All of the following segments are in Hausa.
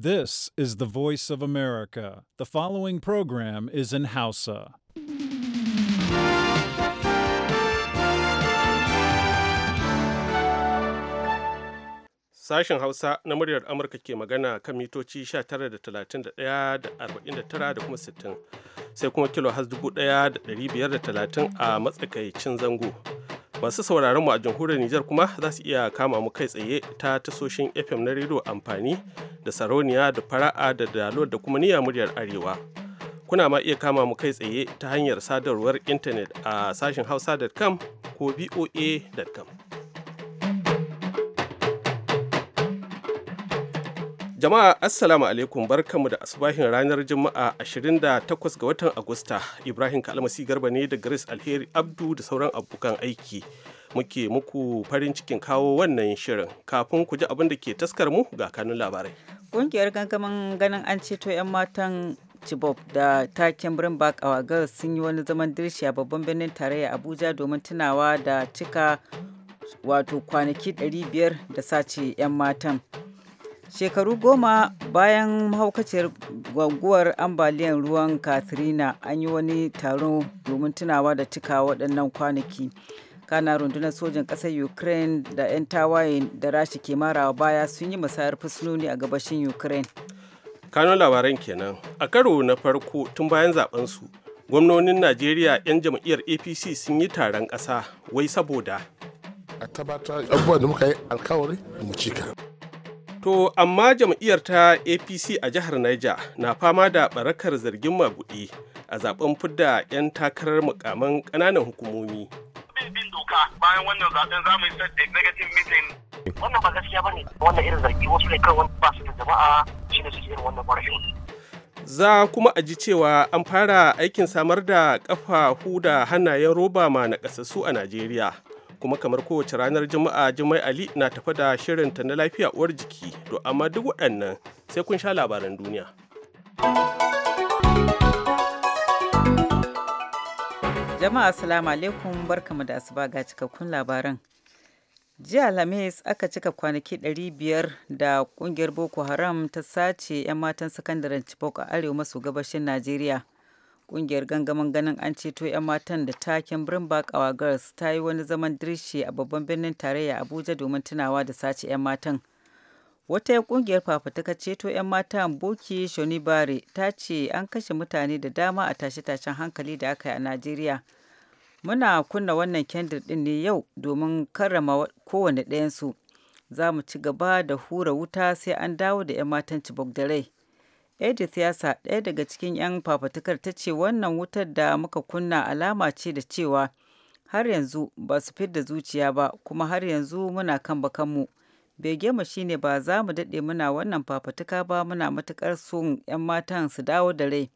This is the voice of America. The following program is in Hausa. Sashen Hausa na muryar Amurka ke magana kan mitoci 19.31 da 49 da kuma 60 sai kuma kilo has 1530 a matsakaicin zango. masu sauraron mu a jamhuriyar Nijar kuma za su iya kama mu kai tsaye ta tasoshin FM na rediyo amfani da sarauniya da fara'a da dalo da kuma niyya muryar arewa. Kuna ma iya kama mu kai tsaye ta hanyar sadarwar intanet a sashen hausa.com ko voa.com. Jama'a Assalamu alaikum barkanmu da asubahin ranar Juma'a 28 ga watan Agusta. Ibrahim Kalmasi Garba ne da Grace Alheri Abdu da sauran abokan aiki. Muke muku farin cikin kawo wannan shirin. Kafin ku ji abin da ke taskar mu ga kanun labarai. kungiyar gangamin ganin an ceto 'yan matan Chibok da taken birin a girls sun yi wani zaman dirshi a babban birnin tarayya Abuja domin tunawa da cika wato kwanaki 500 da sace 'yan matan. shekaru goma bayan mahaukaciyar guguwar ambaliyar ruwan katrina an yi wani taron domin tunawa da cika waɗannan kwanaki kana rundunar sojin ƙasar ukraine da 'yan tawaye da rashi ke marawa baya sun yi musayar fursunoni a gabashin ukraine Kano labaran kenan a karo na farko tun bayan zaben su gwamnonin najeriya 'yan jam'iyyar apc sun yi taron ƙasa wai saboda a tabbatar abubuwan da muka yi alkawari mu cika To, amma jam'iyyar ta APC a jihar Niger na fama da barakar zargin maguɗi a zaben fidda 'yan takarar mukaman ƙananan hukumomi. bin doka bayan wannan zaben za mu yi set executive meeting. Wannan ba gaskiya ba ne, wannan irin zargi wasu ne kawai ba su da jama'a shi ne suke irin wannan ƙwarfin. Za kuma a ji cewa an fara aikin samar da ƙafafu da hannayen roba ma na ƙasassu a Najeriya. kuma kamar kowace ranar juma'a jimai ali na tafa da shirinta na lafiya uwar jiki to amma duk waɗannan sai kun sha labaran duniya jama'a assalamu alaikum barkamu da asuba ga cikakkun labaran jiya alhamis aka cika kwanaki 500 da kungiyar boko haram ta sace 'yan matan sakandaren chibok a arewa maso gabashin najeriya Ƙungiyar gangamin ganin an ceto 'yan matan da takin Brimbak Our Girls ta yi wani zaman dirshe a babban birnin tarayya Abuja domin tunawa da sace 'yan matan. Wata ya ƙungiyar fafutuka ceto 'yan matan Boki Shonibare ta ce an kashe mutane da dama a tashe-tashen hankali da aka yi a Najeriya. Muna kunna wannan kendir din ne yau domin karrama kowane ɗayansu. Za mu ci gaba da hura wuta sai an dawo da 'yan matan Chibok da rai. edith yasa ɗaya daga cikin 'yan fafatukar ta ce wannan wutar da muka kunna alama ce da cewa har yanzu ba su fidda zuciya ba kuma har yanzu muna kan bakanmu mu shine ba za mu daɗe muna wannan fafatuka ba muna matuƙar son 'yan matan su dawo da rai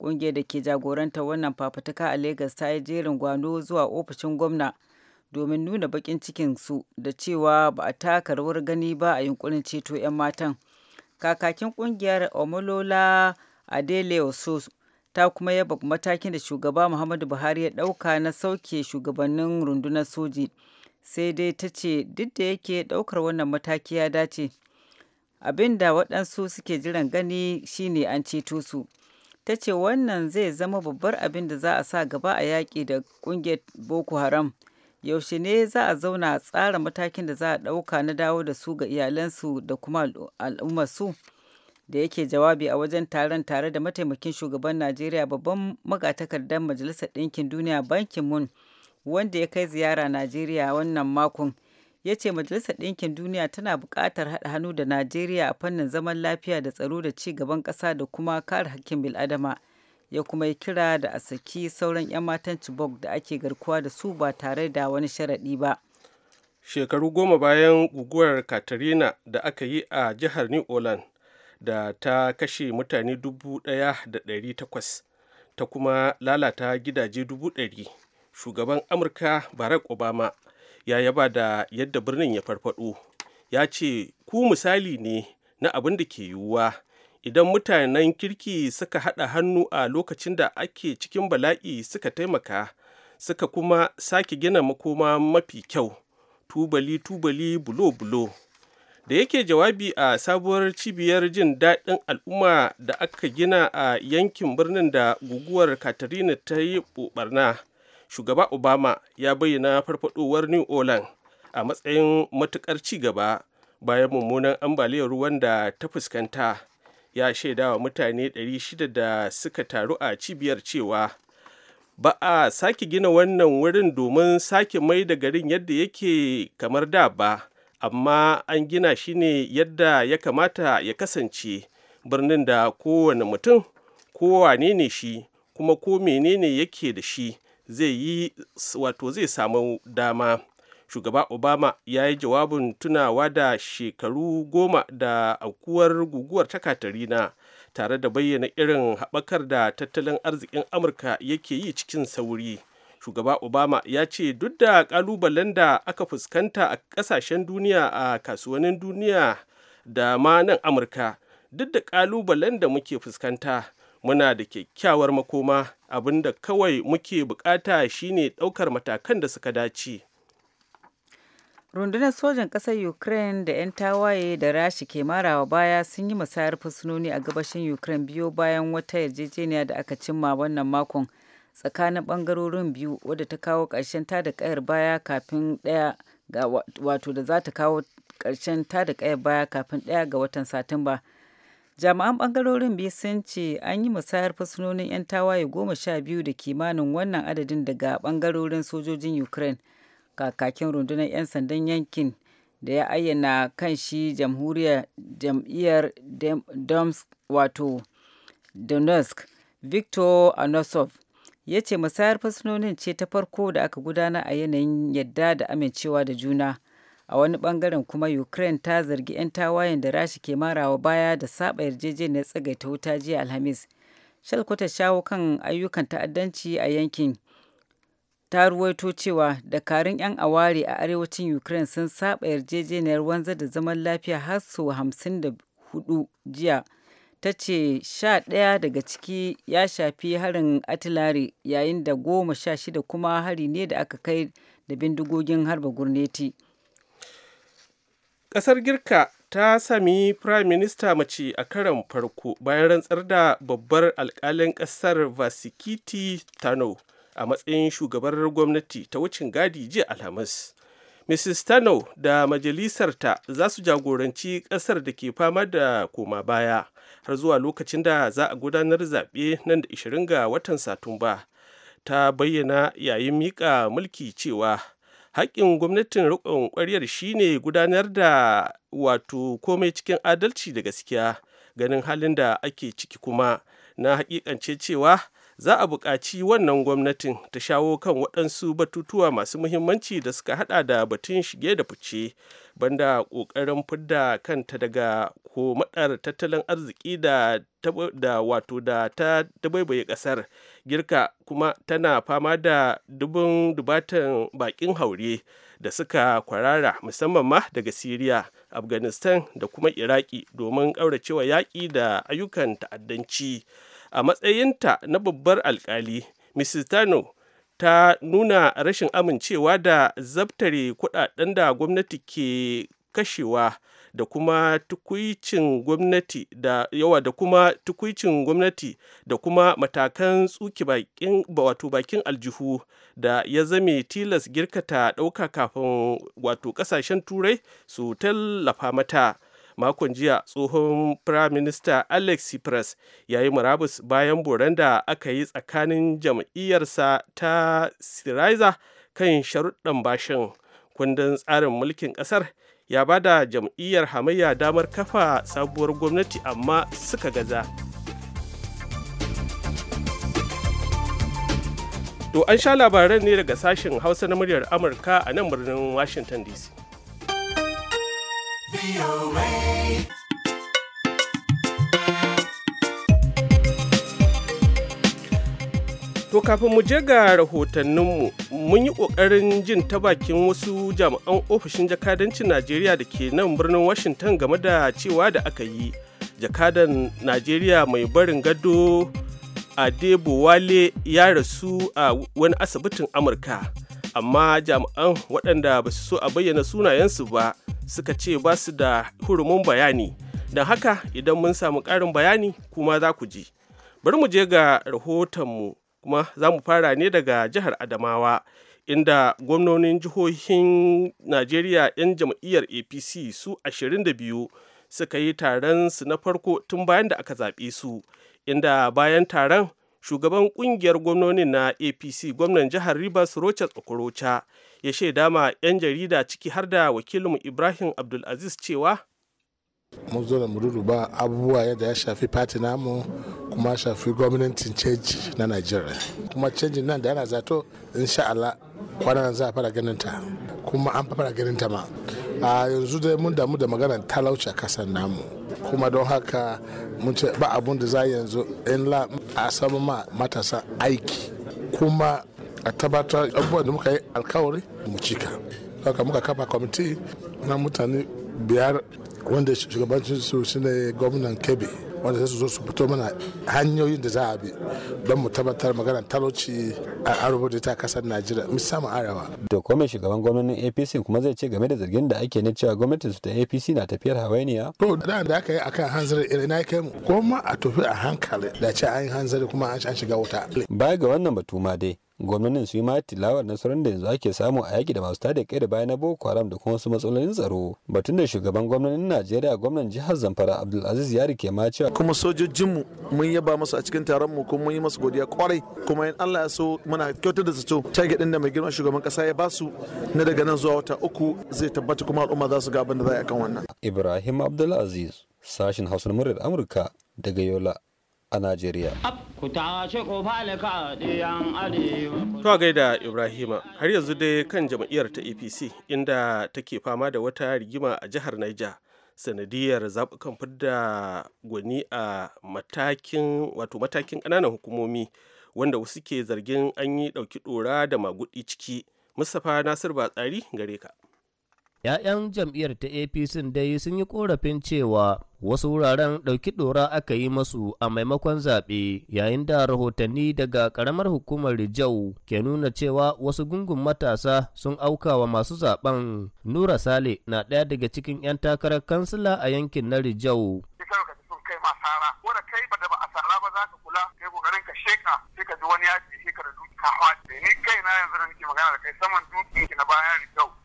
ƙungiyar da ke jagorantar wannan fafatuka a Legas ta yi jerin gwano zuwa ofishin gwamna domin nuna baƙin cikinsu da cewa ba a taka rawar gani ba a yunkurin ceto 'yan matan. kakakin kungiyar omolola adeleosu ta kuma yaba matakin da shugaba muhammadu buhari ya dauka na sauke shugabannin rundunar soji sai dai ta ce duk da yake daukar wannan mataki ya dace abinda waɗansu suke jiran gani shine an ceto su ta ce wannan zai zama babbar abin da za a sa gaba a yaƙi da ƙungiyar boko haram yaushe ne za a zauna a tsara matakin da za a ɗauka na dawo da su ga iyalansu da kuma al'ummarsu da yake jawabi a wajen taron tare da mataimakin shugaban najeriya babban magatakardar majalisar ɗinkin duniya bankin mun wanda ya kai ziyara najeriya wannan makon ya ce majalisar ɗinkin duniya tana buƙatar haɗa hannu da najeriya a fannin zaman lafiya da tsaro da ci gaban ƙasa da kuma kare hakkin bil'adama ya kuma yi kira da a saki sauran 'yan matan Chibok da ake garkuwa da su ba tare da wani sharaɗi ba. Shekaru goma bayan guguwar katarina da aka yi a jihar New Orleans da ta kashe mutane dubu ɗaya da ɗari takwas ta kuma lalata gidaje dubu ɗari shugaban Amurka Barack Obama ya yaba da yadda birnin ya farfaɗo ya ce ku misali ne na abin da ke yiwuwa idan mutanen kirki suka haɗa hannu a lokacin da ake cikin bala'i suka taimaka suka kuma sake gina makoma mafi kyau tubali tubali bulo bulo da yake jawabi a sabuwar cibiyar jin daɗin al'umma da aka gina a yankin birnin da guguwar katarina ta yi ɓoɓarna, shugaba obama ya bayyana farfadowar new orleans a matsayin matuƙar ci gaba bayan mummunan ambaliyar ruwan da ta fuskanta ya shaida wa mutane 600 da suka taru a cibiyar cewa ba a sake gina wannan wurin domin sake mai da garin yadda yake kamar da ba amma an gina shi ne yadda ya kamata ya kasance birnin da kowane mutum kowane ne shi kuma ko menene yake da shi zai yi wato zai samu dama shugaba obama ya yi jawabin tunawa da shekaru goma da aukuwar guguwar ta katarina tare da bayyana irin haɓakar da tattalin arzikin amurka yake yi cikin sauri shugaba obama ya ce duk da ƙalubalen da aka fuskanta a ƙasashen duniya a kasuwannin duniya da ma nan amurka duk da ƙalubalen da muke fuskanta muna da kyakkyawar makoma abinda kawai muke bukata shine ɗaukar matakan da suka dace rundunar sojan ƙasar ukraine da 'yan tawaye da rashi ke marawa baya sun yi musayar fursunoni a gabashin ukraine biyu bayan wata yarjejeniya da aka cimma wannan makon tsakanin ɓangarorin biyu wadda ta kawo ƙarshen da ƙayar baya kafin ɗaya ga wato da za ta kawo ƙarshen da ƙayar baya kafin ɗaya ga watan satumba jami'an ɓangarorin biyu sun ce an yi musayar fursunonin 'yan tawaye goma sha biyu da kimanin wannan adadin daga ɓangarorin sojojin ukraine kakakin rundunar 'yan sandan yankin da ya ayyana kan shi jam'iyyar wato donetsk victor anosov ya ce musayar fursunonin ce ta farko da aka gudana a yanayin yadda da amincewa da juna a wani bangaren kuma ukraine ta zargi 'yan tawayen da rashi ke marawa baya da saba yarjejeniyar tsagaita wuta jiya alhamis shalkwata shawo kan ayyukan ta'addanci a yankin ta ruwaito cewa dakarun 'yan aware a arewacin ukraine sun saba yarjejeniyar wanzar da zaman lafiya har sau 54 jiya ta ce sha ɗaya daga ciki ya shafi harin atilari yayin da goma sha shida kuma hari ne da aka kai da bindigogin harba gurneti ƙasar girka ta sami prime minister mace a karon farko bayan rantsar da babbar alkalin ƙasar vasikiti tano a matsayin shugabar gwamnati ta wucin gadi jiya alhamis mrs tano da majalisarta za su jagoranci ƙasar da ke fama da koma baya har zuwa lokacin da za a gudanar zaɓe nan da 20 ga watan satumba ta bayyana yayin miƙa mulki cewa haƙƙin gwamnatin riƙon ƙwaryar shine gudanar da wato komai cikin adalci da gaskiya ganin halin da ake ciki kuma na haƙiƙance cewa za a buƙaci wannan gwamnatin ta shawo kan waɗansu batutuwa masu muhimmanci da suka hada da batun shige da fice banda ƙoƙarin fidda kanta daga ko maɗar tattalin arziki da wato da ta dabaibaye ƙasar girka kuma tana fama da dubin dubatan baƙin haure da suka kwarara musamman ma daga siriya afghanistan da kuma iraki domin ƙauracewa yaƙi da ayyukan ta'addanci. a matsayinta na babbar alkali mrs tano ta nuna rashin amincewa da zabtare kudaden da gwamnati ke kashewa da kuma tukuicin gwamnati da yawa da kuma tukuicin gwamnati da kuma matakan tsuki bakin wato bakin aljihu da ya zame tilas girkata dauka kafin wato ƙasashen turai su tallafa mata makon jiya tsohon firaminista alex tsipras ya yi murabus bayan boran da aka yi tsakanin jam'iyyarsa ta siriza kan sharuɗan bashin kundin tsarin mulkin ƙasar ya ba da jam'iyyar hamayya damar kafa sabuwar gwamnati amma suka gaza to an sha labaran ne daga sashen hausa na muryar amurka a nan birnin washington dc To kafin mu je ga rahotanninmu mun yi ƙoƙarin jin ta bakin wasu jami'an ofishin jakadancin Najeriya da ke nan birnin Washington game da cewa da aka yi. Jakadan Najeriya mai barin gado Adebowale ya rasu a wani asibitin Amurka. amma jami'an waɗanda ba su so a bayyana sunayensu ba suka ce ba su da hurumin bayani don haka idan mun samu ƙarin bayani kuma za ku ji bari mu je ga rahotonmu kuma za mu fara ne daga jihar adamawa inda gwamnonin jihohin najeriya 'yan jam'iyyar apc su 22 suka yi taron su na farko tun bayan da aka zaɓe su inda bayan taron shugaban kungiyar gwamnonin na apc gwamnan jihar rivers rochas okorocha ya shaida ma 'yan jarida ciki har da wakilin ibrahim abdulaziz cewa mun zo da mururu ba abubuwa yadda ya shafi fati namu kuma shafi gwamnatin canji na najeriya kuma canjin nan da yana zato insha Allah kwanan za a fara ganin ta kuma an fara ganin ta ma a yanzu dai mun damu da maganar talauci a kasar namu kuma don haka mun ce ba abun da za yanzu in la a samu ma matasa aiki kuma a tabbatar abubuwan da muka yi alkawari mu cika haka muka kafa kwamiti na mutane biyar wanda shugabancin su shine gwamnan kebe wanda sai su zo su fito mana hanyoyin da za a bi don mu tabbatar maganar talauci a arubuta ta kasar najeriya musamman arewa da kome shugaban gwamnatin apc kuma zai ce game da zargin da ake na cewa gwamnatin su ta apc na tafiyar hawainiya to da da aka yi akan hanzari irin na kai mu ko a tafi a hankali da ce an yi hanzari kuma an shiga wuta baya ga wannan batu ma dai gwamnonin su yi ma tilawar nasarar da yanzu ake samu a yaki da masu tada kai da baya na boko haram da kuma wasu matsalolin tsaro batun da shugaban gwamnonin najeriya gwamnan jihar zamfara abdulaziz yari ke ma cewa kuma sojojinmu mun yaba musu a cikin taron mu kuma mun yi masu godiya kwarai kuma in allah ya so muna kyautar da zato tage din da mai girman shugaban kasa ya basu na daga nan zuwa wata uku zai tabbata kuma al'umma za su ga abin da za a yi akan wannan ibrahim abdulaziz sashin hausa na muryar amurka daga yola a Najeriya. Tuwa gaida Ibrahima har yanzu dai kan jam'iyyar ta APC inda take fama da wata rigima a jihar Niger sanadiyar zaɓukan fidda gwani a matakin wato matakin ƙananan hukumomi wanda wasu ke zargin an yi ɗauki ɗora da maguɗi ciki. Mustapha Nasir Batsari gare ka. ‘Ya'yan jam'iyyar ta APC dai sun yi korafin cewa wasu wuraren ɗauki ɗora aka yi masu a maimakon zaɓe yayin da rahotanni daga ƙaramar hukumar Rijau ke nuna cewa wasu gungun matasa sun auka wa masu zaben Nura Sale na ɗaya daga cikin 'yan takarar kansila a yankin na Rijau. wani na ni yanzu da nake magana da kai saman dukin na bayan Rijau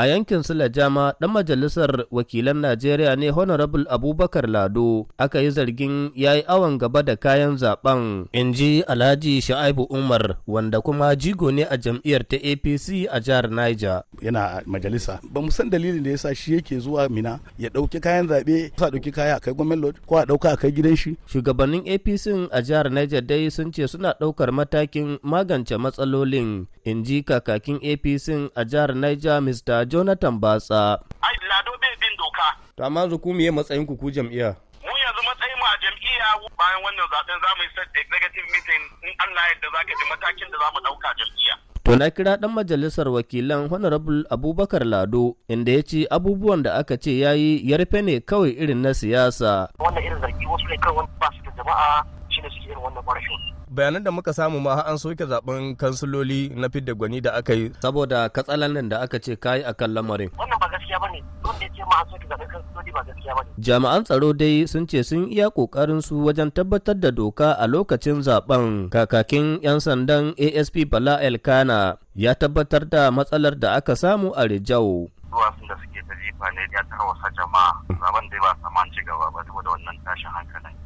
A yankin Silajama, ɗan majalisar wakilan Najeriya ne Honorable Abubakar Lado aka yi zargin ya yi awon gaba da kayan zaben in ji Alhaji Sha'aibu Umar wanda kuma jigo ne a jam'iyyar ta APC a jihar Niger. Yana majalisa. Ba mu san dalilin da ya sa shi yake zuwa Mina ya ɗauki kayan zaɓe, sa ɗauki kaya a kai Lord ko a ɗauka a kai gidan shi. Shugabannin APC a jihar Niger dai sun ce suna ɗaukar matakin magance matsalolin in ji kakakin APC a a jihar Niger Mr. Jonathan Batsa. Ai, Lado bai bin doka. To amma zuku ku matsayin ku ku jam'iyya? Mu yanzu matsayin mu a jam'iyya bayan wannan zaben za mu yi executive meeting in Allah yadda za ka ji matakin da za mu dauka jam'iyya. To na kira ɗan majalisar wakilan Honorable Abubakar Lado inda ya ce abubuwan da aka ce ya yi ya rufe ne kawai irin na siyasa. Wannan irin zargi wasu ne kawai wani ba da jama'a shi ne suke irin wannan ƙwarfin. bayanan da muka samu ma an soke zaben kansiloli na fidda gwani da aka yi saboda katsalandan da aka ce kayi akan lamarin wannan ba gaskiya bane don da ce ma an soke zaben kansuloli ba gaskiya bane jami'an tsaro dai sun ce sun iya kokarin su wajen tabbatar da doka a lokacin zaben kakakin yan sandan ASP Bala Elkana ya tabbatar da matsalar da aka samu a Rijau duwatsun da suke ta jefa ne ya tarwasa jama'a zaben dai ba saman ci gaba ba saboda wannan tashin hankalin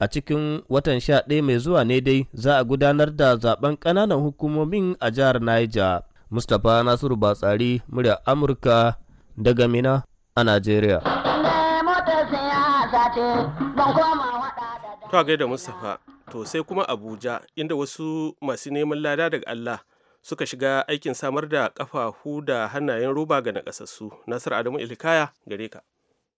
a cikin watan sha ɗaya mai zuwa ne dai za a gudanar da zaben ƙananan hukumomin a jihar Niger. Mustapha Nasiru Batsari, murya Amurka daga Mina a Najeriya. To gaida Mustapha, to sai kuma Abuja inda wasu masu neman lada daga Allah suka shiga aikin samar da ƙafafu da hannayen roba ga nakasassu. nasiru Adamu Ilikaya gare ka.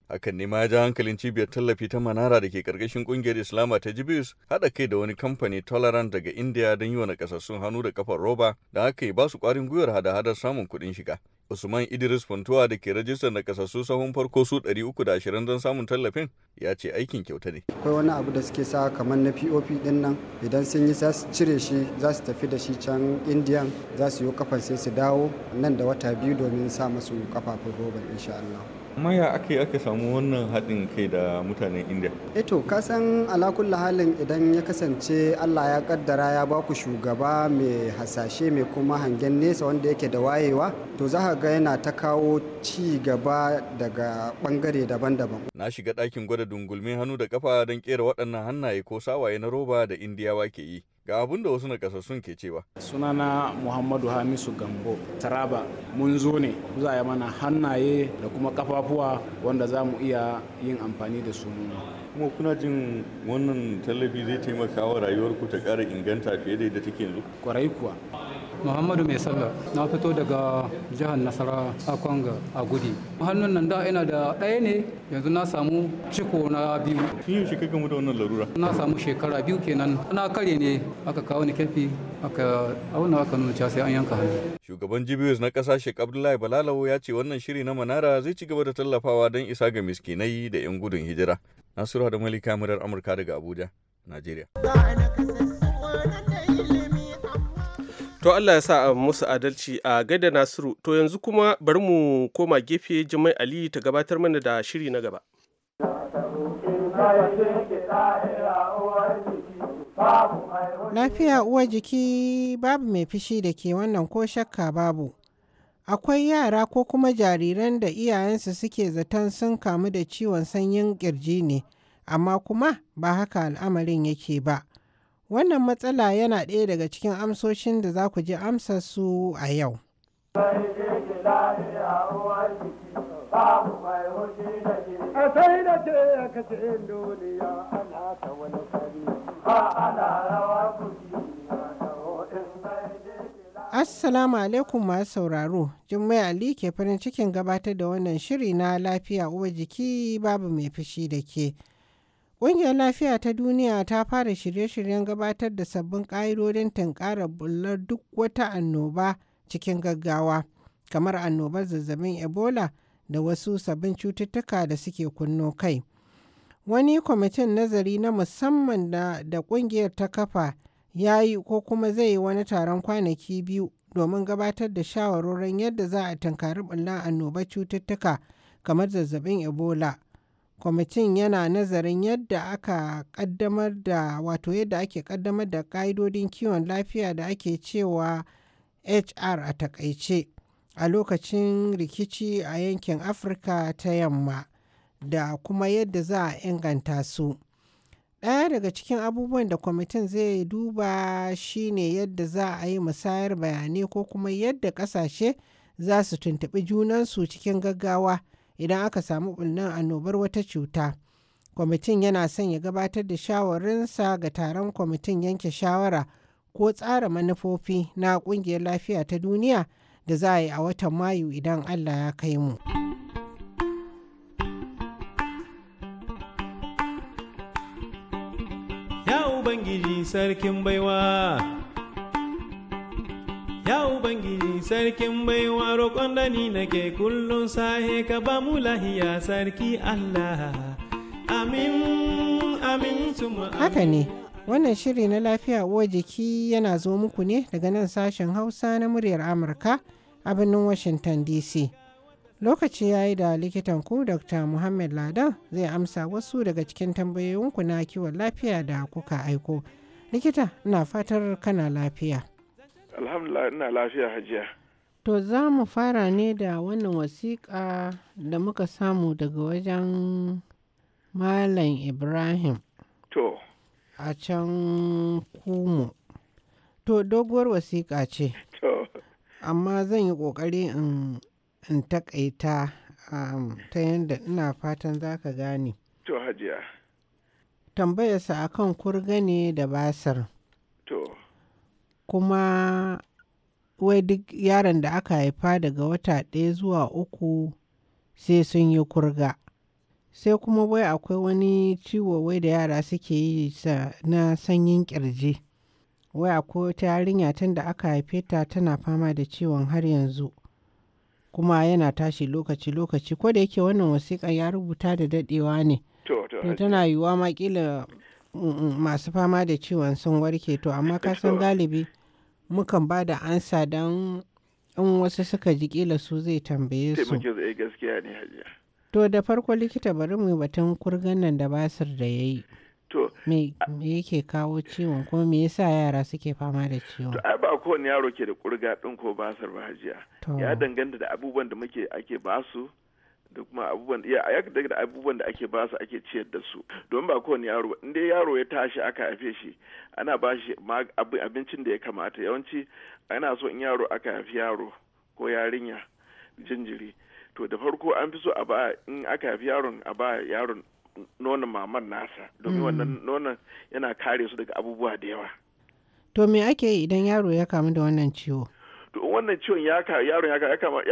hakan ne ma ya ja hankalin cibiyar tallafi ta manara da ke karkashin kungiyar islama ta jibius haɗa kai da wani kamfani tolerant daga india don yi wa nakasassun hannu da kafar roba da haka yi ba su ƙwarin gwiwar hada-hadar samun kuɗin shiga usman idris funtuwa da ke rajistar nakasassu sahun farko su 320 don samun tallafin ya ce aikin kyauta ne akwai wani abu da suke sa kamar na pop din nan idan sun yi za su cire shi za su tafi da shi can indiyan za su yi kafar sai su dawo nan da wata biyu domin sa masu kafafun roban insha allah amma ya aka samu wannan haɗin kai da mutanen india eto eh kasan alakulla halin idan ya kasance allah ya kaddara ya baku shugaba mai hasashe mai kuma hangen nesa wanda yake da wayewa to za ka ga yana ta kawo ci gaba daga bangare daban-daban na shiga ɗakin gwada dungulmin hannu da kafa don kera waɗannan hannaye ko sawaye na roba da indiyawa ke yi ga abin da wasu nakasassun ke cewa. sunana muhammadu hamisu gambo taraba mun zo ne za a mana hannaye da kuma kafafuwa wanda za mu iya yin amfani da su kuma kuna jin wannan tallafi zai taimaka wa rayuwarku ta ƙara inganta fiye da yadda take yanzu kwarai kuwa muhammadu mai sallah na fito daga jihar nasara a kwanga a gudi hannun nan da ina da ɗaya ne yanzu na samu ciko na biyu shi yi shekara gamu da wannan larura na samu shekara biyu kenan na kare ne aka kawo ni kafi aka auna aka nuna cewa sai an yanka hannu shugaban gbs na kasashe shek abdullahi balalawo ya ce wannan shiri na manara zai ci gaba da tallafawa don isa ga miskinai da 'yan gudun hijira nasiru da malika murar amurka daga abuja najeriya To Allah ya sa a musu adalci a gaida Nasiru. To yanzu kuma bari mu koma gefe Jimai Ali ta gabatar mana da shiri na gaba. Lafiya uwar jiki babu mai fishi da ke wannan ko shakka babu. Akwai yara ko kuma jariran da iyayensu suke zaton sun kamu da ciwon sanyin kirji ne, amma kuma ba haka al'amarin yake ba. Wannan matsala yana ɗaya daga cikin amsoshin da za ku ji amsa su a yau. Assalamu alaikum masu sauraro, Jummai Ali ke farin cikin gabatar da wannan shiri na lafiya uwa jiki babu mai fushi da ke. Ƙungiyar Lafiya ta Duniya ta fara shirye-shiryen gabatar da sabbin ƙa'idodin tunkarar bullar duk wata annoba cikin gaggawa, kamar annobar zazzabin Ebola da wasu sabbin cututtuka da suke kunno kai. Wani kwamitin nazari na musamman da, da ƙungiyar ta kafa ya yi ko kuma zai yi wani taron kwanaki biyu domin gabatar da shawarorin yadda za a tunkari annobar cututtuka kamar zazzabin Ebola. kwamitin yana nazarin yadda aka kaddamar da wato yadda ake kaddamar da ƙa'idodin kiwon lafiya da ake cewa hr a takaice a lokacin rikici a yankin afirka ta yamma da kuma yadda za a inganta su ɗaya daga cikin abubuwan da kwamitin zai duba shine yadda za a yi musayar bayanai ko kuma yadda ƙasashe za su tuntuɓi junansu cikin gaggawa idan aka samu ɓullan annobar wata cuta. Kwamitin yana son ya gabatar da shawarinsa ga taron kwamitin yanke shawara ko tsara manufofi na ƙungiyar lafiya ta duniya da za a yi a watan Mayu idan Allah ya kai mu. Ya Ubangiji Sarkin Baiwa. Ya Ubangiji sarkin baiwa roƙon da ni nake kullum sahe ka ba mu lahiya sarki Allah. Amin, amin Haka ne, wannan shiri na lafiya uwa jiki yana zo muku ne daga nan sashen Hausa na muryar Amurka a birnin Washington DC. Lokaci ya yi da likitan ku Dr. Muhammad Ladan zai amsa wasu daga cikin tambayoyinku na kiwon lafiya da kuka aiko. Likita, na fatar kana lafiya. alhamdulillah ina lafiya hajiya to za mu fara ne da wannan wasiƙa da muka samu daga wajen malam ibrahim to a can kumu to doguwar wasiƙa ce To. amma zan yi ƙoƙari in taƙaita um, ta yadda ina fatan za ka gane to hajiya tambayarsa akan kurga ne da basar to kuma wai duk yaron da aka haifa daga wata ɗaya zuwa uku sai sun yi kurga sai kuma wai akwai wani ciwo wai da yara suke yi na sanyin kirji wai akwai wata yarinya tun da aka haife ta tana fama da ciwon har yanzu kuma yana tashi lokaci-lokaci ko da yake wannan wasiƙa ya rubuta da daɗewa ne tana yiwuwa ma kila masu fama da ciwon sun warke to amma ka san galibi mukan ba da ansa don in wasu suka ji kila su zai tambaye su eh, to da farko likita bari mu batun kurgan nan da basir da ya yi to me yake kawo ciwon ko me yasa yara suke fama da ciwon to ai ba kowane yaro ke da kurga din ko basir ba hajiya ya danganta da abubuwan da muke ake basu da kuma abubuwan ya daga abubuwan da ake su ake ciyar da su don ba kowane yaro in dai yaro ya tashi aka haife shi ana ba shi abincin da ya kamata yawanci ana so in yaro aka haifi yaro ko yarinya jinjiri to da farko an fi so a ba in aka haifi yaron a ba yaron nonon maman nasa domin mm. wannan nonon yana kare su daga abubuwa da yawa to me ake yi idan yaro ya kamu da wannan ciwo to wannan ciwon ya ka yaron ya ka ya kama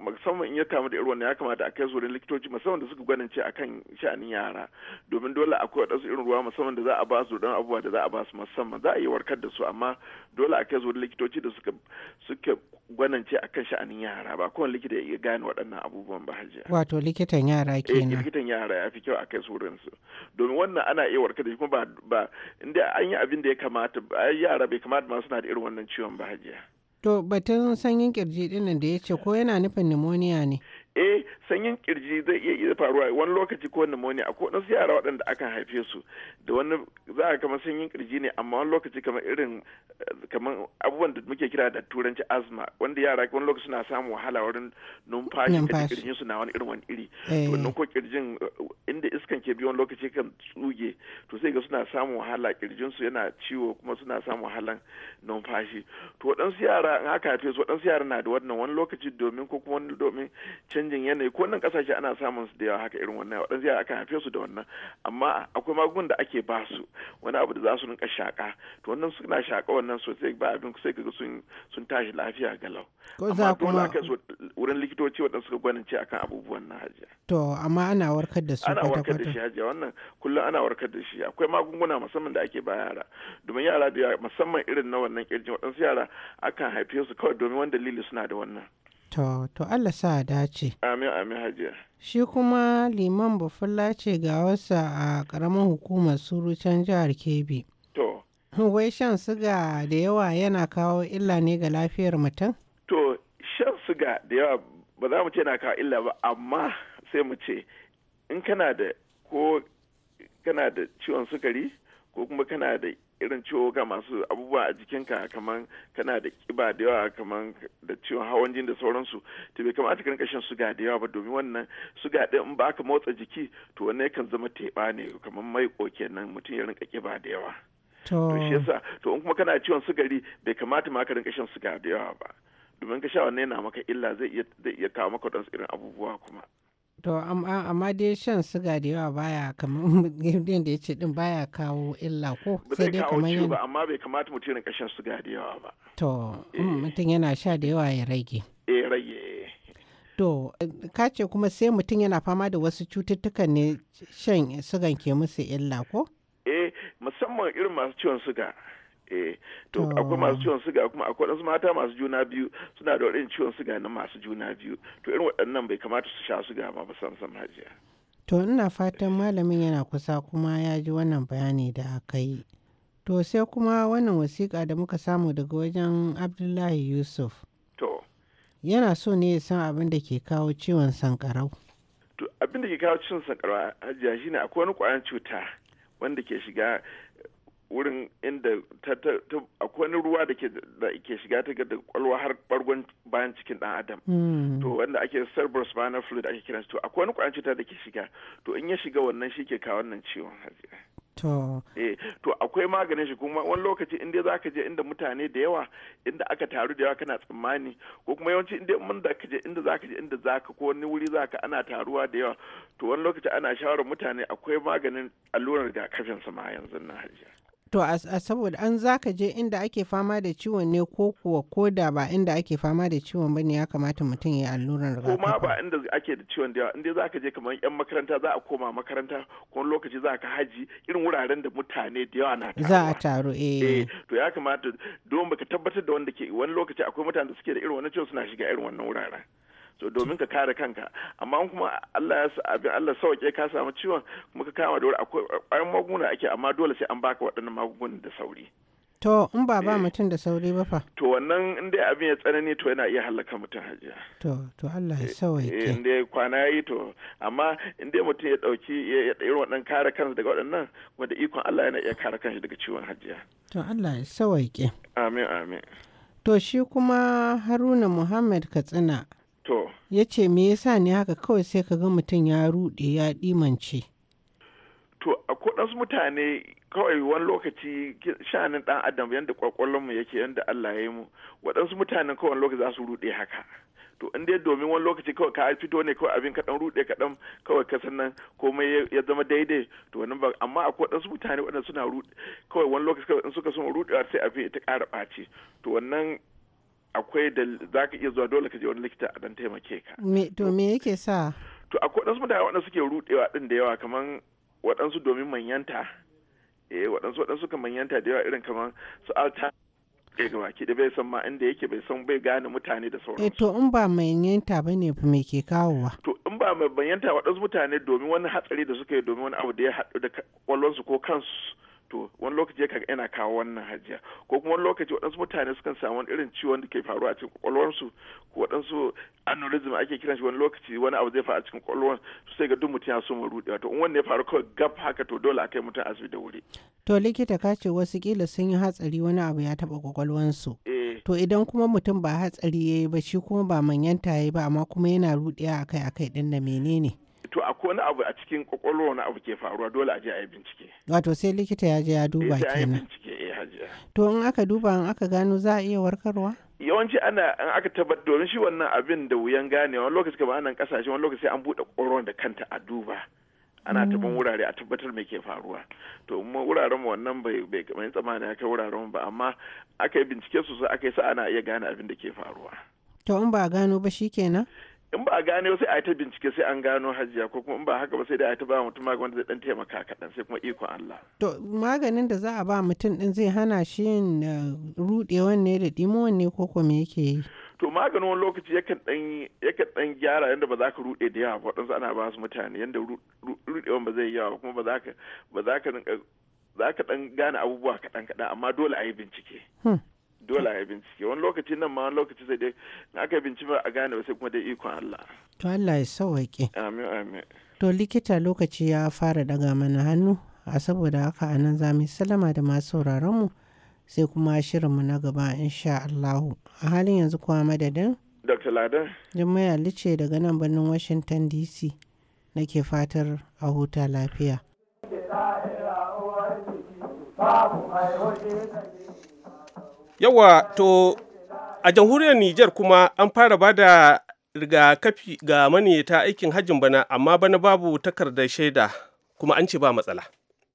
musamman in ya kama da irin wannan ya kamata a kai su likitoci musamman da suka ce akan sha'anin yara domin dole akwai wadansu irin ruwa musamman da za a ba su don abubuwa da za a ba su musamman za a yi warkar da su amma dole a kai su likitoci da suka suka ce akan sha'anin yara ba kowane likita ya gane waɗannan abubuwan ba hajiya wato likitan yara eh, kenan eh likitan yara ya fi kyau a kai su wurin su domin wannan ana iya warkar da shi kuma ba ba inda an yi abin da ya kamata yara bai kamata ma suna da irin wannan ciwon ba hajiya To batun sanyin kirji dinnan da ya ce ko yana nufin pneumonia ne? Eh sanyin kirji zai iya iya faruwa wani lokaci ko pneumonia a waɗansu yara waɗanda aka haife su da wani za a kama sanyin kirji ne amma wani lokaci kamar irin eh, kamar abubuwan da muke kira da turanci asma wanda yara wani lokaci suna samun wahala wurin numfashi da kirjin su na wani irin wani iri eh. wannan ko kirjin eh, inda iskan ke biyo wani lokaci kan tsuge to sai ga suna samun wahala kirjin su yana ciwo kuma suna samun wahalan numfashi to waɗansu yara in aka haife su waɗansu yara na da wannan wani lokaci domin ko kuma wani domin canjin yanayi duk wannan kasashe ana samun su da yawa haka irin wannan waɗansu yara aka haife su da wannan amma akwai magungunan da ake ba su wani abu da za su rinka shaka to wannan suna shaka wannan sosai ba abin sai kaga sun sun tashi lafiya galau amma dole aka so wurin likitoci waɗanda suka ce akan abubuwan na hajiya to amma ana warkar da su ana warkar da shi hajiya wannan kullum ana warkar da shi akwai magunguna musamman da ake ba yara domin yara da musamman irin na wannan kirjin waɗansu yara akan haife su kawai domin wani dalili suna da wannan To, to Allah sa dace. Amin, amin hajiya. Shi kuma liman bufulla ce ga wasa a ƙaramin hukumar surucan jihar Kebbi. To. Wai shan siga da yawa yana kawo illa ne ga lafiyar mutum? To, shan siga da yawa ba za mu ce na kawo illa ba, amma sai mu ce in kana da ko kana da ciwon sukari ko kuma kana da irin ga masu abubuwa a jikinka kamar kana da kiba da yawa kamar da ciwon hawan jini da sauransu to bai kamata ka rinka shan suga da yawa ba domin wannan suga din in ba ka motsa jiki to wannan yakan zama teɓa ne kamar mai nan mutum ya rinka kiba da yawa to shi yasa to in kuma kana ciwon sugari bai kamata ma ka rinka shan suga da yawa ba domin ka sha wannan yana maka illa zai iya kawo maka wadansu irin abubuwa kuma to amma dai shan suga da yawa baya kamar yadda da ya ce din baya kawo illa ko sai dai kamar yin ba amma bai kamata mutum rinka shan suga da yawa ba to eh. mm, mutum yana sha da yawa ya rage eh rage to ka ce kuma sai mutum yana fama da wasu cututtukan ne shan sugan ke musu illa ko eh musamman irin masu ciwon suga. eh to akwai masu ciwon suga kuma akwai wasu mata masu juna biyu suna da waɗannan ciwon suga na masu juna biyu to irin waɗannan bai kamata su sha suga ba san san hajiya to ina fatan malamin yana kusa kuma ya ji wannan bayani da aka yi to sai kuma wannan wasiƙa da muka samu daga wajen abdullahi yusuf to yana so ne ya san abin da ke kawo ciwon sankarau to abin da ke kawo ciwon sankarau hajiya shine akwai wani ƙwayan cuta wanda ke shiga wurin inda akwai ruwa da ke shiga ta da kwalwa har bargon bayan cikin dan adam hmm. to wanda ake cerebral spinal fluid ake kiransu to akwai kwayan cuta da ke shiga to in ya shiga wannan shi ke kawo wannan ciwon To. Eh, to akwai maganin shi kuma wani lokaci inda za ka je inda mutane da yawa inda aka taru da yawa kana tsammani ko kuma yawanci inda mun da ka je inda za ka je inda za ka ko wani wuri za ka ana taruwa da yawa to wani lokaci ana shawarar mutane akwai maganin allurar rigakafin sama yanzu na hajiya. To a saboda an zaka je inda ake fama da ciwon ne ko kuwa ko da ba inda ake fama da ciwon bane ya kamata mutum ya alluran rigakafi. Kuma ba inda ake da ciwon da yawa inda zaka je kamar yan makaranta za a koma makaranta ko lokaci za ka haji irin wuraren da mutane da yawa na taruwa. Za a taru eh. eh to ya kamata don baka tabbatar da wanda ke wani lokaci akwai mutane da suke da irin wannan ciwon suna shiga irin wannan wuraren. so domin ka kare kanka amma kuma Allah ya abin Allah sauke ka samu ciwon kuma ka kama da akwai ƙwayan magunguna ake amma dole sai an baka waɗannan magungunan da sauri to in ba ba eh. mutum da sauri ba fa to wannan in dai abin ya tsanani to yana iya halaka mutum hajiya to to Allah ya eh, sauke eh, in dai kwana yi to amma in dai mutum ya dauki ya irin waɗannan kare kansa daga waɗannan wanda ikon Allah yana iya kare kansa daga ciwon hajiya to Allah ya sauke amin amin to shi kuma Haruna Muhammad Katsina To. Ya ce me yasa ne haka kawai sai ka ga mutum ya ruɗe ya ɗimance. To a ɗansu mutane kawai wani lokaci shanin ɗan adam yadda mu yake yadda Allah ya yi mu waɗansu mutanen kawai lokaci za su ruɗe haka. to in dai domin wani lokaci kawai ka fito ne kawai abin kaɗan rude kaɗan kawai ka sannan komai ya zama daidai to wani ba amma a waɗansu mutane waɗanda suna rude kawai wani lokaci kawai in suka suna rudewa sai abin ta ƙara ɓaci to wannan akwai da za ka iya zuwa dole ka je wani likita a dan taimake ka. Me to me yake sa? To akwai waɗansu mutane waɗanda suke rudewa ɗin da yawa kamar waɗansu domin manyanta. Eh waɗansu waɗansu kan manyanta da yawa irin kamar su alta ya ga baki da bai san ma inda yake bai san bai gane mutane da sauransu. Eh to in ba manyanta ne, me ke kawowa? To in ba manyanta waɗansu mutane domin wani hatsari da suka yi domin wani abu da ya haɗu da kwallonsu ko kansu to wani lokaci kaga yana kawo wannan hajiya ko kuma wani lokaci waɗansu mutane sukan samu wani irin ciwon da ke faruwa a cikin kwakwalwarsu ko waɗansu aneurysm ake kiran shi wani lokaci wani abu zai faru a cikin kwakwalwar su sai ga duk mutum ya so mu ruɗe to in wannan ya faru kawai gab haka to dole a kai mutum asibiti da wuri. to likita ka ce wasu kila sun yi hatsari wani abu ya taɓa kwakwalwarsu. Eh. to idan kuma mutum ba hatsari ya yi ba shi kuma ba manyanta ya yi ba amma kuma yana kai akai-akai ɗin da menene. wani abu a cikin kwakwalwa wani abu ke faruwa dole a je a yi bincike wato sai likita ya je ya duba kenan eh, to in aka duba in aka gano za a iya warkarwa yawanci ana in aka tabbatar domin shi wannan abin da wuyan gane wani lokaci kamar anan kasashe wani lokaci an buɗe kwakwalwa da kanta a duba ana mm. taban wurare a tabbatar me ke faruwa to mu wuraren mu wannan bai bai kamar tsamani aka wuraren ba amma aka yi bincike sosai aka yi sa ana iya gane abin da ke faruwa to in ba a gano ba shikenan in ba a gane sai a yi ta bincike sai an gano hajiya ko kuma in ba haka ba sai da a ta ba mutum magani wanda zai dan taimaka kaɗan sai kuma ikon Allah. To maganin da za a ba mutum din zai hana shi yin eh, rudewan ne da dimuwan ne ko kuma yake yi. To maganin wani lokaci yakan dan gyara yadda ba za ka rude da yawa ba wadansu ana ba su mutane yadda rudewan ba zai yawa kuma ba za ka ba za ka za ka dan gane abubuwa kaɗan kaɗan amma dole a yi bincike. Hmm. dole a yi bincike wani lokaci nan ma wani lokaci sai dai na aka bincike ba a gane sai kuma dai ikon Allah to Allah ya sauwaƙe amin amin to likita lokaci ya fara daga mana hannu a saboda haka a nan za mu salama da masu mu sai kuma shirinmu na gaba insha Allah. a halin yanzu kuma madadin Dr. Ladan Jummai Ali ce daga nan birnin Washington DC nake fatar a huta lafiya. Babu mai Yawa to a jamhuriyar Nijar kuma an fara ba da rigakafi ga maniyata aikin hajjin bana amma bana babu takardar shaida kuma an ce ba matsala.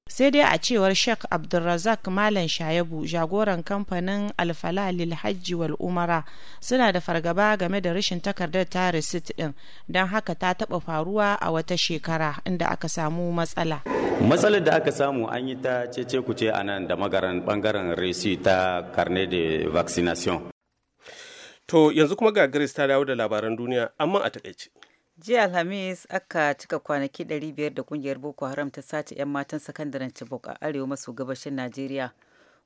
sai dai a cewar sheikh abdulrazak malam shayabu jagoran kamfanin alfala lilhajji wal umara suna da fargaba game da rashin takardar ta risit din don haka ta taba faruwa a wata shekara inda aka samu matsala matsalar da aka samu an yi ta cece kuce a nan da magaran bangaren resi ta carnet de vaccination to yanzu kuma ga ta dawo da labaran duniya amma a takaice jiya alhamis aka cika kwanaki 500 da kungiyar boko haram ta sace 'yan matan sakandaren chibok a arewa maso gabashin najeriya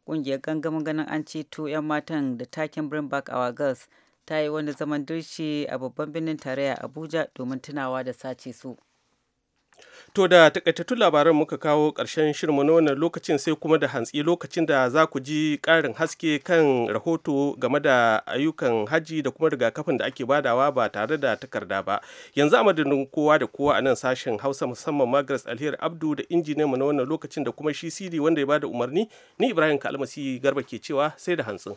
kungiyar gangamin ganin an ceto 'yan matan da takin bring back our girls ta yi wani zaman dirshi a babban birnin tarayya abuja domin tunawa da sace su To da takaitattun labaran muka kawo ƙarshen shirinmu na wannan lokacin sai kuma da hantsi lokacin da za ku ji ƙarin haske kan rahoto game da ayyukan hajji da kuma rigakafin da ake badawa ba tare da takarda ba. Yanzu a madadin kowa da kowa a nan sashen Hausa musamman Magras Alheri Abdu da injiniyanmu na wannan lokacin da kuma shi Sidi wanda ya bada umarni ni Ibrahim Kalmasi Garba ke cewa sai da hantsin.